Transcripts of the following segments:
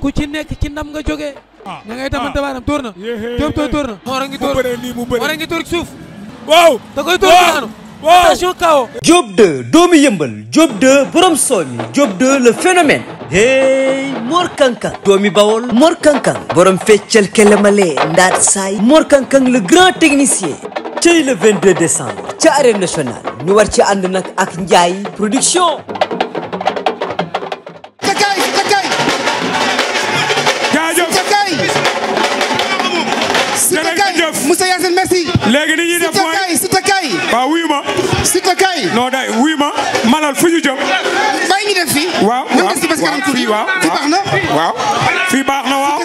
ku ci nekk ci nam nga joge ah da ngay damante ah. baaraam door na. Diop tooy door na. Mor a ngi door Mor a ngi door suuf. waaw da koy door daanu. waaw attention kawo. Diop 2 doomu yëmbal Diop 2 borom soomi Diop 2 le phénomène. hey Mor Kankang doomi Bawol Mor Kankang borom feccal kelemale ndaat saay Mor Kankang le grand technicien. cey le 22 décembre ci arène nationale ñu war ci ànd nag ak Ndiaye production. Lamine merci. léegi ni ñuy def mooy Siteu kay waaw wuyu ma. Siteu kay. non day wuyu ma malal fu ñu jëm. bàyyi ñu def fii. waaw waaw na. baax na waaw.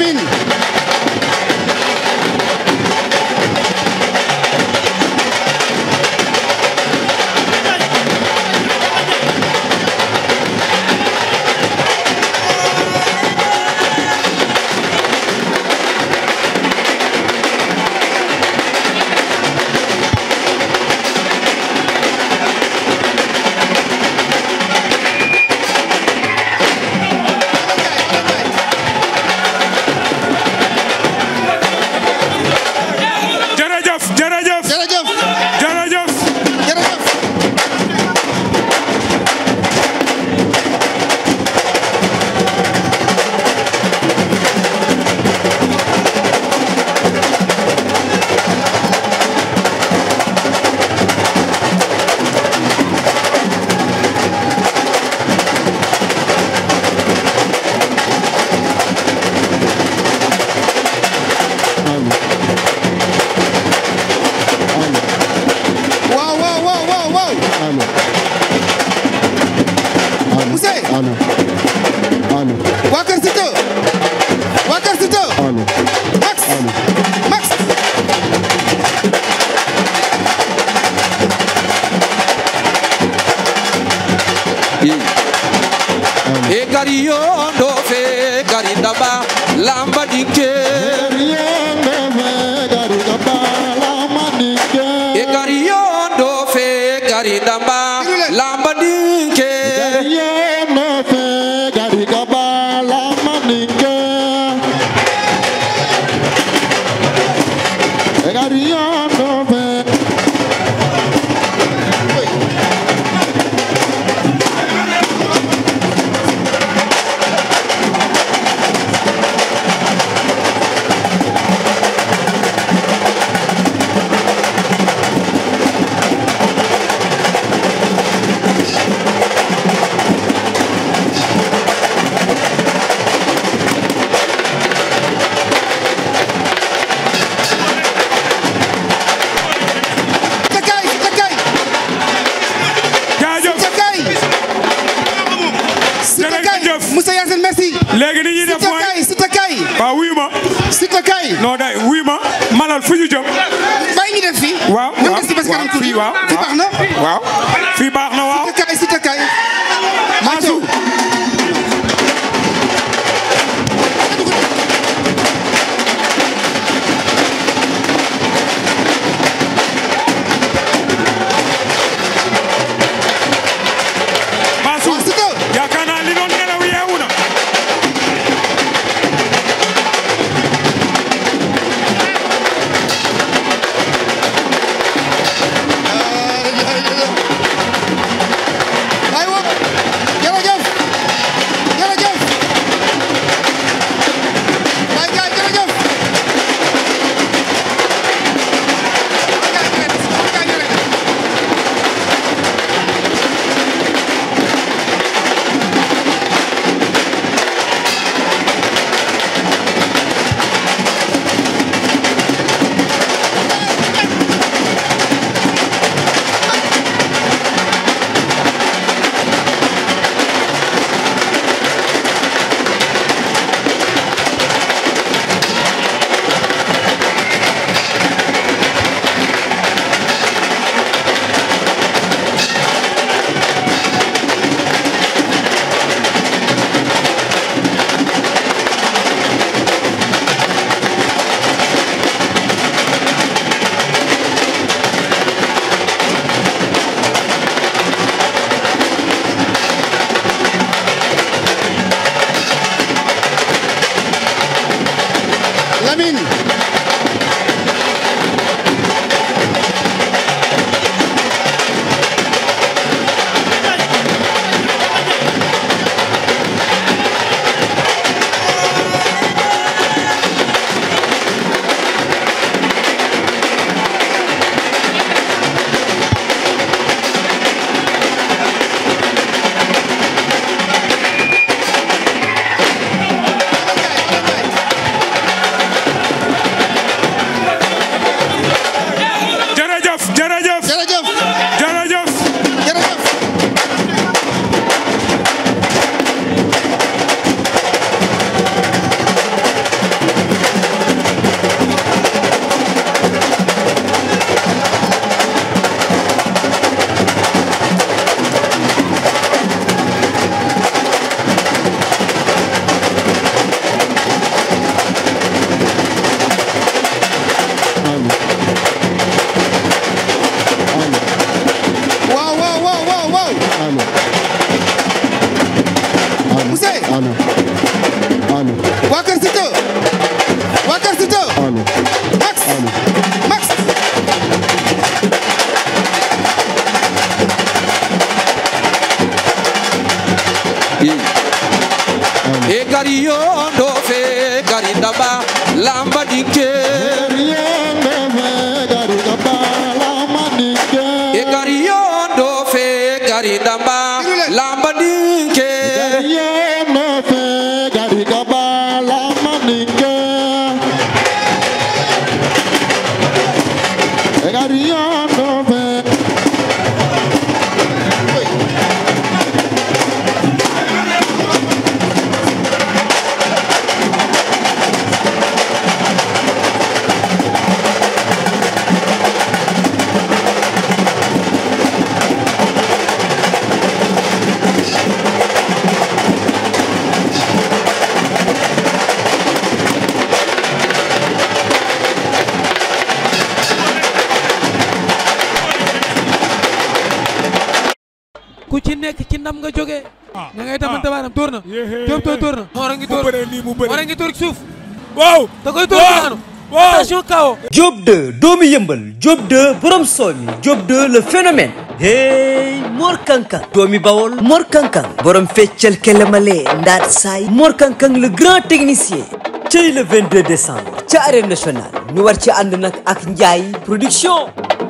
amiin gaba lamba dinke e gari yondo fe gari damba lamba dinke e gari yondo léegi li ñuy def mooy Siteu kay waaw wuyu ma. Siteu kay non day wuyu ma malal fu ñu jëm. bàyyi ñu def fii. waaw waaw baax na. waaw fii baax na waaw. Sarion nekk ci ndam nga jógee. ah da ngay damante ah. baaram door na. Diop Toye door na. Mor a ngi door mu bëree nii mu bëree suuf. waaw da koy door daanu. waaw attention kawo. Diop 2 doomu yëmbal Diop 2 borom soomi Diop 2 le phénomène. hey Mor Kankang doomi Bawol Mor Kankang borom feccal kelemale ndaat saay Mor Kankang le grand technicien. cey le 22 décembre ca arène nationale ñu war ci ànd nag ak Ndiaye production.